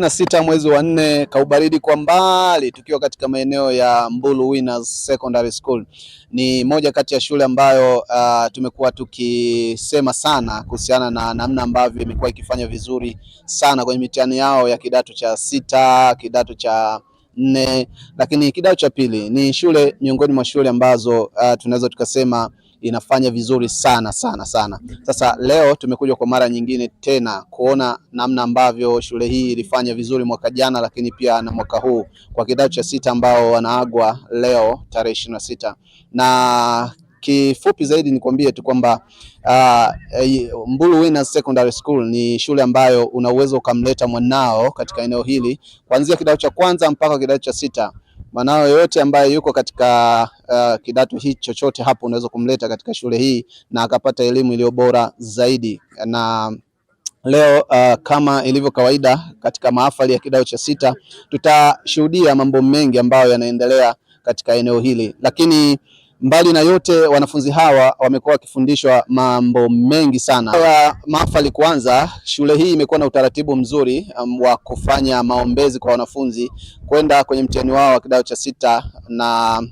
na sita mwezi wa nne kaubaridi kwa mbali, tukiwa katika maeneo ya Mbulu Winners Secondary School. Ni moja kati ya shule ambayo uh, tumekuwa tukisema sana kuhusiana na namna ambavyo imekuwa ikifanya vizuri sana kwenye mitihani yao ya kidato cha sita, kidato cha nne, lakini kidato cha pili. Ni shule miongoni mwa shule ambazo uh, tunaweza tukasema inafanya vizuri sana sana sana. Sasa leo tumekuja kwa mara nyingine tena kuona namna ambavyo shule hii ilifanya vizuri mwaka jana, lakini pia na mwaka huu kwa kidato cha sita ambao wanaagwa leo tarehe ishirini na sita na kifupi zaidi nikwambie tu kwamba uh, Mbulu Winners Secondary School ni shule ambayo una uwezo ukamleta mwanao katika eneo hili kuanzia kidato cha kwanza mpaka kidato cha sita mwanao yoyote ambaye yuko katika uh, kidato hii chochote hapo, unaweza kumleta katika shule hii na akapata elimu iliyo bora zaidi. Na leo uh, kama ilivyo kawaida katika mahafali ya kidato cha sita, tutashuhudia mambo mengi ambayo yanaendelea katika eneo hili lakini Mbali na yote, wanafunzi hawa wamekuwa wakifundishwa mambo mengi sana. Kwa mahafali kuanza, shule hii imekuwa na utaratibu mzuri um, wa kufanya maombezi kwa wanafunzi kwenda kwenye mtihani wao wa kidato cha sita na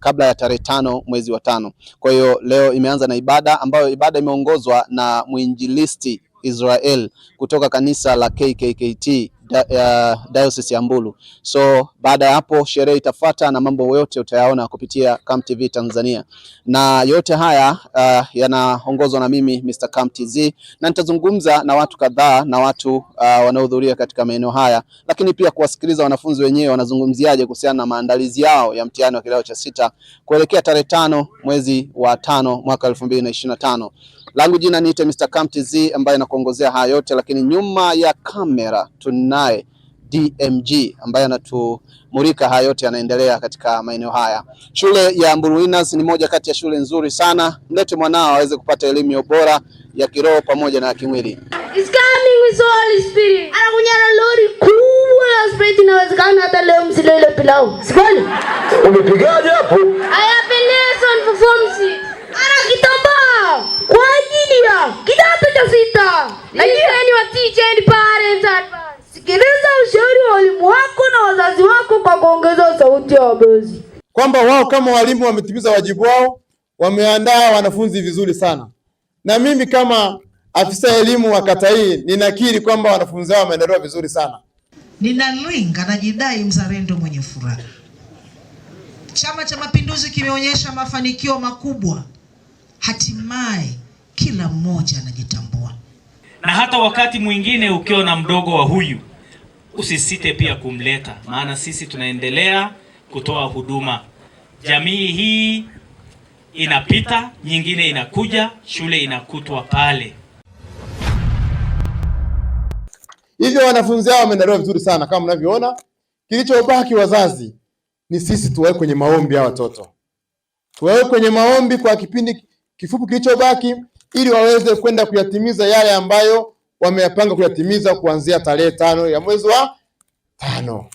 kabla ya tarehe tano mwezi wa tano. Kwa hiyo leo imeanza na ibada ambayo ibada imeongozwa na mwinjilisti Israel kutoka kanisa la KKKT ya diocese ya Mbulu. So baada ya hapo sherehe itafuata na mambo yote utayaona kupitia Come TV Tanzania, na yote haya uh, yanaongozwa na mimi Mr. Come TZ, na nitazungumza na watu kadhaa na watu uh, wanaohudhuria katika maeneo haya, lakini pia kuwasikiliza wanafunzi wenyewe wanazungumziaje kuhusiana na maandalizi yao ya mtihani wa kidato cha sita kuelekea tarehe tano mwezi wa tano mwaka elfu mbili na ishirini na tano langu jina niite Mr. Camtz ambaye anakuongozea haya yote, lakini nyuma ya kamera tunaye DMG ambaye anatumulika haya yote yanaendelea katika maeneo haya. Shule ya Mburuinas ni moja kati ya shule nzuri sana, mlete mwanao aweze kupata elimu ya ubora ya kiroho pamoja na kimwili. coming with the Holy Spirit. Anakuja na lori kubwa la spirit, inawezekana hata leo msile ile pilau. Sikwani? Umepigaje hapo? Aya, forms. Ana kitomba kwa ajili ya kidato cha sita. Sikiliza ushauri wa walimu wako na wazazi wako kwa kuongeza sauti ya wabezi, kwamba wao kama walimu wametimiza wajibu wao, wameandaa wanafunzi vizuri sana, na mimi kama afisa elimu wa kata hii ninakiri kwamba wanafunzi wao wameendelea vizuri sana. Ninalwinga najidai mzalendo mwenye furaha. Chama cha Mapinduzi kimeonyesha mafanikio makubwa hatimaye kila mmoja anajitambua. Na hata wakati mwingine ukiona mdogo wa huyu, usisite pia kumleta, maana sisi tunaendelea kutoa huduma. Jamii hii inapita, nyingine inakuja, shule inakutwa pale. Hivyo wanafunzi hao wameandaliwa vizuri sana kama mnavyoona. Kilichobaki wazazi ni sisi tuwawe kwenye maombi ya watoto, tuwawe kwenye maombi kwa kipindi kifupi kilichobaki ili waweze kwenda kuyatimiza yale ambayo wameyapanga kuyatimiza kuanzia tarehe tano ya mwezi wa tano.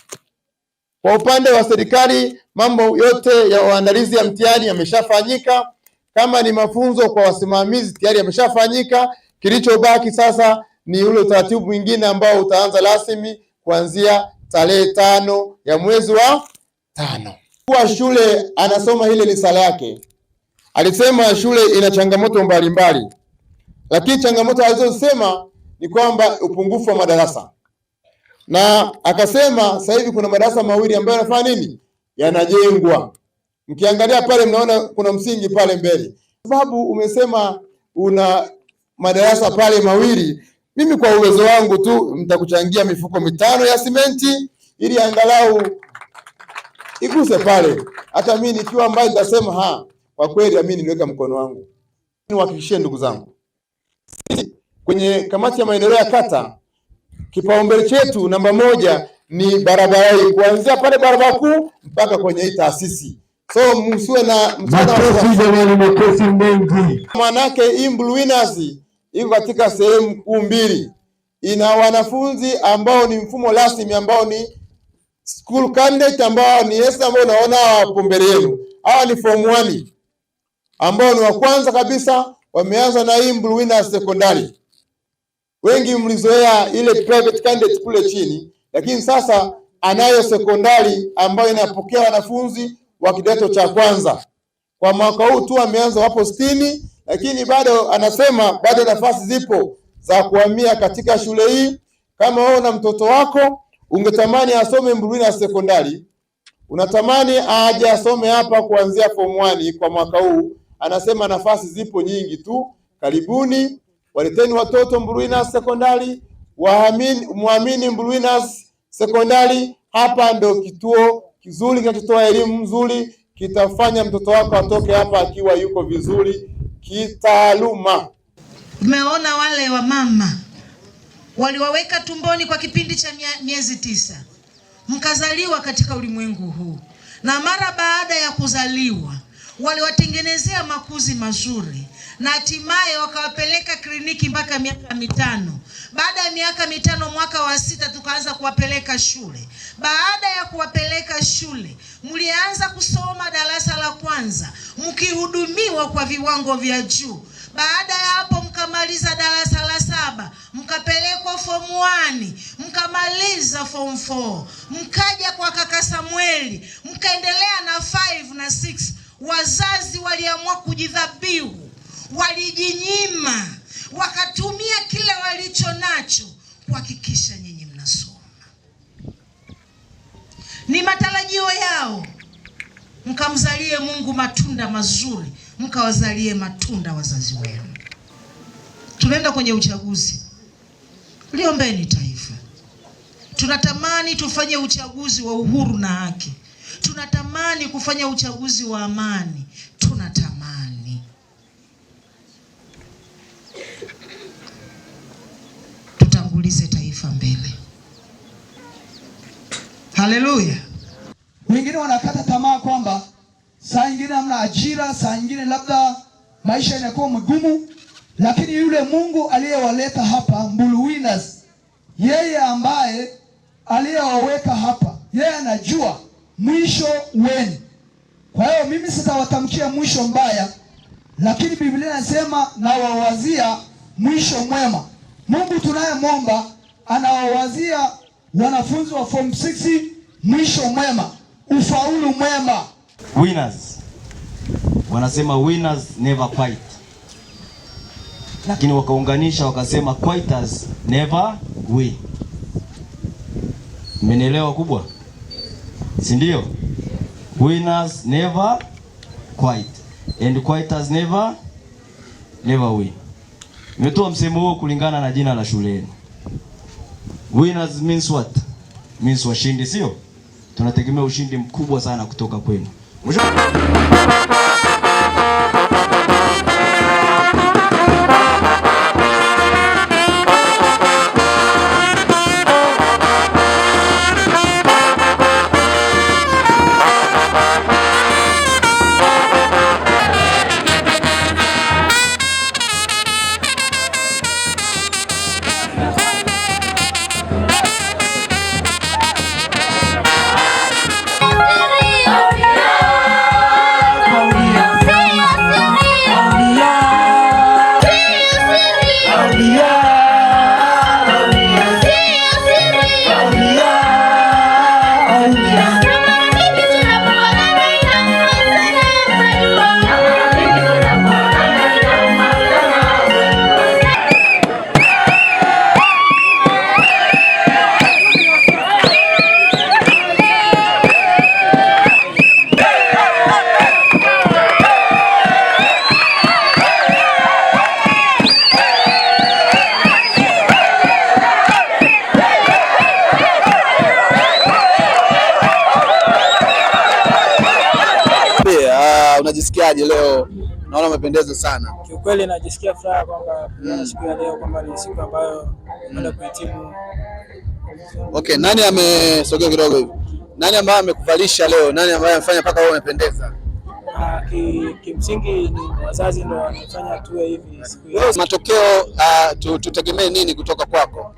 Kwa upande wa serikali, mambo yote ya maandalizi ya mtihani yameshafanyika. Kama ni mafunzo kwa wasimamizi tayari yameshafanyika. Kilichobaki sasa ni ule utaratibu mwingine ambao utaanza rasmi kuanzia tarehe tano ya mwezi wa tano. Kwa shule anasoma, hile ni sala yake. Alisema shule ina changamoto mbalimbali, lakini changamoto alizosema ni kwamba upungufu wa madarasa, na akasema sasa hivi kuna madarasa mawili ambayo yanafanya nini, yanajengwa. Mkiangalia pale mnaona kuna msingi pale mbele. Sababu umesema una madarasa pale mawili, mimi kwa uwezo wangu tu nitakuchangia mifuko mitano ya simenti ili angalau iguse pale, hata mimi nikiwa mbali nitasema ha kwa kweli mimi niliweka mkono wangu. Niwahakikishie ndugu zangu, sisi kwenye kamati ya maendeleo ya kata kipaumbele chetu namba moja ni barabara hii, kuanzia pale barabara kuu mpaka kwenye hii taasisi. So msiwe na makofi mengi, manake hii iko katika sehemu kuu mbili, ina wanafunzi ambao ni mfumo rasmi ambao ni school candidate ambao ni yes, ambao unaona hapo mbele yenu, hawa ni form 1 ambao ni wa kwanza kabisa wameanza na hii Mbuluwina sekondari. Wengi mlizoea ile private candidate kule chini, lakini sasa anayo sekondari ambayo inapokea wanafunzi wa kidato cha kwanza. Kwa mwaka huu tu ameanza, wapo sitini, lakini bado anasema bado nafasi zipo za kuhamia katika shule hii. Kama wewe na mtoto wako ungetamani asome Mbuluwina sekondari, unatamani aje asome hapa kuanzia form 1 kwa mwaka huu anasema nafasi zipo nyingi tu, karibuni, waleteni watoto Mburuinas sekondari, mwamini Mburuinas sekondari. Hapa ndo kituo kizuri kinachotoa elimu nzuri, kitafanya mtoto wako atoke hapa akiwa yuko vizuri kitaaluma. Tumeona wale wamama waliwaweka tumboni kwa kipindi cha miezi tisa, mkazaliwa katika ulimwengu huu, na mara baada ya kuzaliwa waliwatengenezea makuzi mazuri na hatimaye wakawapeleka kliniki mpaka miaka mitano. Baada ya miaka mitano, mwaka wa sita tukaanza kuwapeleka shule. Baada ya kuwapeleka shule, mlianza kusoma darasa la kwanza mkihudumiwa kwa viwango vya juu. Baada ya hapo, mkamaliza darasa la saba mkapelekwa form 1 mkamaliza form 4 mkaja kwa kaka Samueli mkaendelea na 5 na 6 Wazazi waliamua kujidhabihu, walijinyima, wakatumia kila walicho nacho kuhakikisha nyinyi mnasoma. Ni matarajio yao mkamzalie Mungu matunda mazuri, mkawazalie matunda wazazi wenu. Tunaenda kwenye uchaguzi, liombeni taifa. Tunatamani tufanye uchaguzi wa uhuru na haki. Tunatamani kufanya uchaguzi wa amani, tunatamani. Tutangulize taifa mbele. Haleluya. Wengine wanakata tamaa kwamba saa nyingine hamna ajira, saa nyingine labda maisha yanakuwa magumu, lakini yule Mungu aliyewaleta hapa Mbulu Winners, yeye ambaye aliyewaweka hapa, yeye anajua mwisho wenu. Kwa hiyo mimi sitawatamkia mwisho mbaya, lakini Biblia inasema nawawazia mwisho mwema. Mungu tunayemwomba anawawazia wanafunzi wa form 6 mwisho mwema, ufaulu mwema. Winners wanasema winners never fight. lakini wakaunganisha wakasema quitters never win. Mmenielewa kubwa si ndio? Winners never quit and quitters never never win. Nimetoa msemo huo kulingana na jina la shule yenu. Winners means what? Means washindi, sio? Tunategemea ushindi mkubwa sana kutoka kwenu. leo naona umependeza sana kiukweli. Najisikia furaha kwamba mm. siku ya leo kwamba ni siku ambayo naenda mm. kuhitimu. Okay, nani amesogea kidogo hivi? Nani ambaye amekuvalisha leo? Nani ambaye amefanya mpaka wewe umependeza? Ah, kimsingi ni wazazi ndio wanafanya tuwe hivi siku hii. Matokeo uh, tutegemee nini kutoka kwako?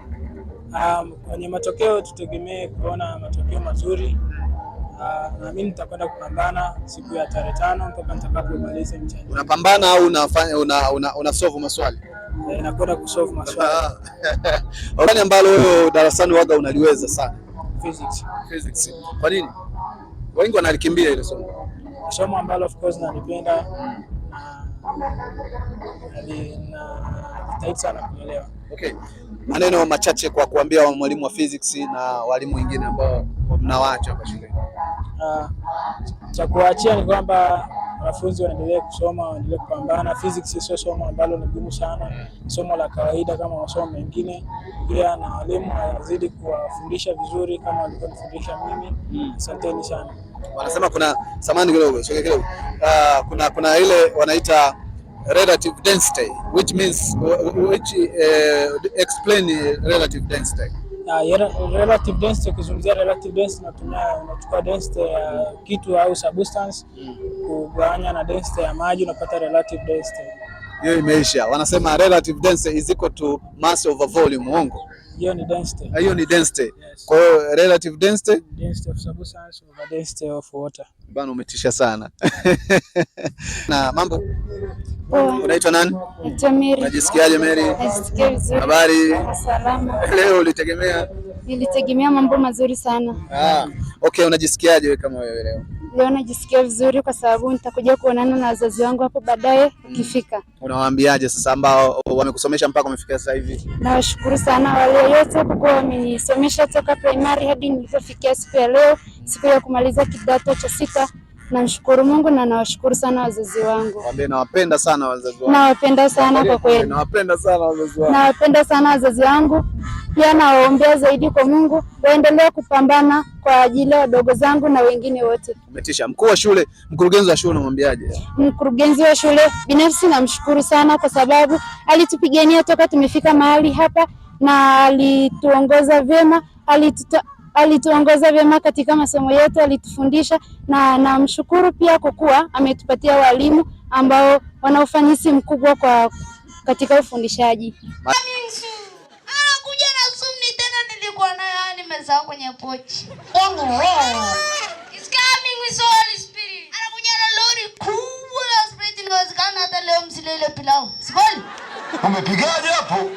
Um, kwenye matokeo tutegemee kuona matokeo mazuri Ah, na mimi nitakwenda kupambana siku ya tarehe tano mpaka nitakapomaliza mchezo. Unapambana au unafanya una, una, una solve maswali? Eh, nakwenda ku solve maswali. Ah. Gani ambalo wewe darasani waga unaliweza sana? Physics. Physics. Kwa nini? Wengi wanalikimbia ile somo. Somo ambalo of course nalipenda na mm. ah, na najitahidi sana kuelewa. Okay. Maneno machache kwa kuambia wa mwalimu wa physics na walimu wengine ambao mnawaacha hapa shuleni cha kuachia ni kwamba wanafunzi waendelee kusoma, waendelee kupambana. Physics sio somo ambalo ni gumu sana, somo la kawaida kama masomo mengine pia, na walimu wazidi kuwafundisha vizuri kama walivyofundisha mimi. Asanteni mm. sana. Wanasema kuna samani kidogo, sio kidogo. Uh, kuna kuna ile wanaita relative density which means which uh, explain relative density Uh, relative density, ukizungumzia relative density unatumia unachukua density ya kitu au substance mm. kugawanya na density ya maji unapata relative density. Hiyo imeisha, wanasema relative density is equal to mass over volume. Uongo? Hiyo ni density. Ah, hiyo ni density. Kwa hiyo relative density, density of substance over density of water. Bana, umetisha sana na mambo Oh. Unaitwa nani? Unajisikiaje Mary? Najisikia vizuri. Habari? Salama. Leo ulitegemea? Nilitegemea mambo mazuri sana. Ah, okay, unajisikiaje wewe kama wewe leo? Leo najisikia vizuri kwa sababu nitakuja kuonana na wazazi wangu hapo baadaye ukifika. Mm. Unawaambiaje sasa ambao wamekusomesha mpaka umefikia sasa hivi? Nawashukuru sana wale wote kwa kuwa wamenisomesha toka primary hadi nilipofikia siku ya leo, siku ya kumaliza kidato cha sita. Namshukuru Mungu na nawashukuru sana wazazi wangu. Waambie nawapenda sana wazazi wangu. Nawapenda sana kwa kweli. Nawapenda sana wazazi wangu. Nawapenda sana wazazi wangu. Pia nawaombea zaidi kwa Mungu waendelee kupambana kwa ajili ya wadogo zangu na wengine wote. Umetisha. Mkuu wa shule, mkurugenzi wa shule unamwambiaje? Mkurugenzi wa shule binafsi namshukuru sana kwa sababu alitupigania toka tumefika mahali hapa na alituongoza vyema, alituta alituongoza vyema katika masomo yetu, alitufundisha na namshukuru pia kwa kuwa ametupatia walimu ambao wana ufanisi mkubwa kwa katika ufundishaji. Anakuja na sumni tena, nilikuwa nayo yaani nimezaa kwenye pochi coming with Spirit. Spirit, Anakuja na lori kubwa la hata leo msilele pilau. Umepigaje hapo?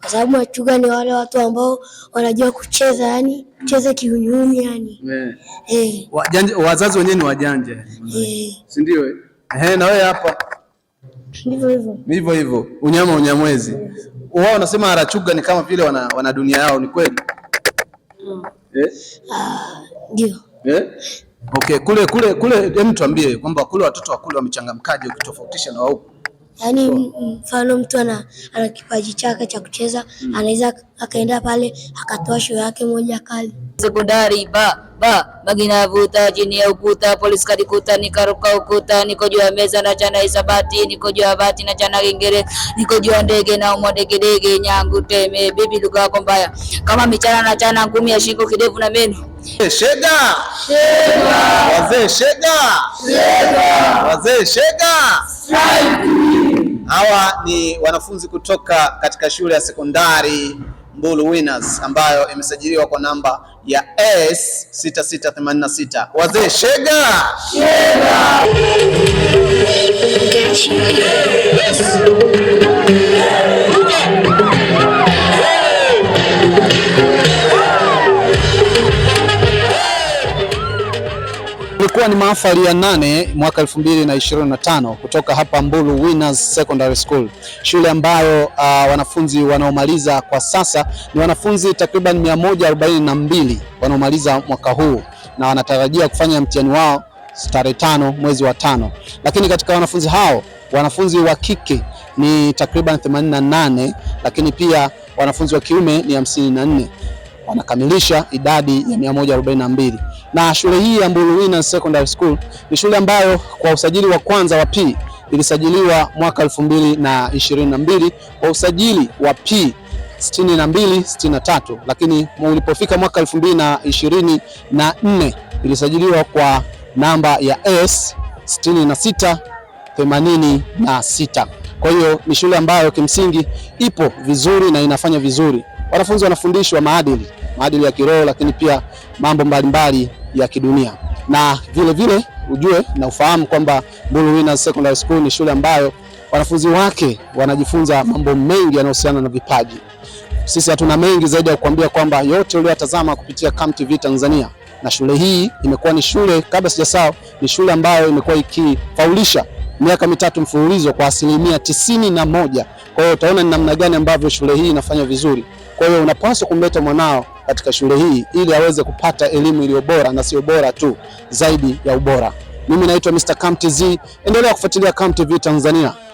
kwa sababu machuga ni wale watu ambao wanajua kucheza, yani kucheza kiunyuni, yani eh. eh, wajanja. Wazazi wenyewe ni wajanja, si ndio? Eh, na wewe hapa ndivyo hivyo, ndivyo hivyo, unyama unyamwezi. Wao wanasema arachuga ni kama vile wana, wana dunia yao, ni kweli? Mm. Eh? Ah, ndio. Eh? Okay, kule kule kule, hem, tuambie kwamba kule watoto wa kule wamechangamkaje ukitofautisha na wao Yaani mfano mtu ana, ana kipaji chake cha kucheza mm. anaweza akaenda pale akatoa show yake moja kali. Sekondari ba ba maginavuta chini ya ukuta, polisi kadikuta nikaruka ukuta, niko juu ya meza na chana isabati, niko juu ya bati na chana kengere, niko juu ya ndege na umwa dege dege, nyangu teme bibi, lugha yako mbaya kama michana na chana ngumi ya shingo, kidevu na meno Shega wazee, Shega wazee, Shega hawa ni wanafunzi kutoka katika shule ya sekondari Mbulu Winners ambayo imesajiliwa kwa namba ya S6686. Wazee Shega, Shega. Ilikuwa ni mahafali ya nane mwaka 2025 kutoka hapa Mbulu Winners Secondary School, shule ambayo uh, wanafunzi wanaomaliza kwa sasa ni wanafunzi takriban 142 wanaomaliza mwaka huu na wanatarajia kufanya mtihani wao tarehe tano mwezi wa tano, lakini katika wanafunzi hao wanafunzi wa kike ni takriban 88 lakini pia wanafunzi wa kiume ni 54 wanakamilisha idadi ya 142 na shule hii ya Mbuluwina Secondary School ni shule ambayo kwa usajili wa kwanza wa P ilisajiliwa mwaka 2022 kwa usajili wa P 62 63, lakini ulipofika mwaka 2024 ilisajiliwa kwa namba ya S 66 86. Kwa hiyo ni shule ambayo kimsingi ipo vizuri na inafanya vizuri. Wanafunzi wanafundishwa maadili, maadili ya kiroho, lakini pia mambo mbalimbali ya kidunia, na vile vile ujue na ufahamu kwamba Mbulu Winners Secondary School ni shule ambayo wanafunzi wake wanajifunza mambo mengi yanayohusiana na vipaji. Sisi hatuna mengi zaidi ya kukwambia kwamba yote uliyotazama kupitia Come TV Tanzania, na shule hii imekuwa ni shule kabla sijasahau, ni shule ambayo imekuwa ikifaulisha miaka mitatu mfululizo kwa asilimia tisini na moja. Kwa hiyo utaona ni namna gani ambavyo shule hii inafanya vizuri. Kwa hiyo unapaswa kumleta mwanao katika shule hii ili aweze kupata elimu iliyo bora na sio bora tu, zaidi ya ubora. Mimi naitwa Mr. Cam TZ, endelea kufuatilia Cam TV Tanzania.